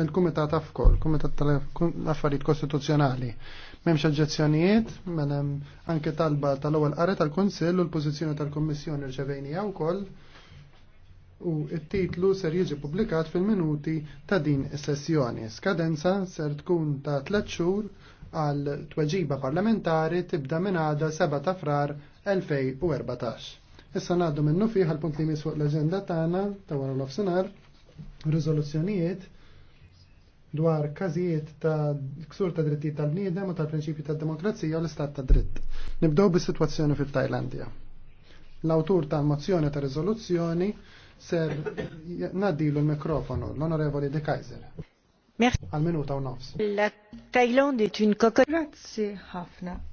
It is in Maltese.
Il-Kumitat Afkol, Kumitat tal-Affarijiet Kostituzzjonali. M'hemmx oġġezzjonijiet, mela hemm anke talba tal-ewwel qari tal-Kunsill u l-pożizzjoni tal-Kummissjoni rċevejnija wkoll u t-titlu ser jiġi pubblikat fil-minuti ta' din is-sessjoni. Skadenza ser tkun ta' tliet xhur għal tweġiba parlamentari tibda minn għada 7 ta' frar 2014. Issa ngħaddu minnu fih għal punt li fuq l-aġenda tagħna ta' wara l-offsinar, riżoluzzjonijiet dwar każijiet ta' ksur ta' drittijiet tal-bniedem u tal-prinċipju tad-demokrazija u l-istat ta' dritt. Nibdew bis-sitwazzjoni fil-Tajlandja. L-awtur ta' mozzjoni ta' riżoluzzjoni ser nadilu l-mikrofonu l-Onorevoli De Kaiser. Al minuta u nofs. La Tajland è un Grazie ħafna.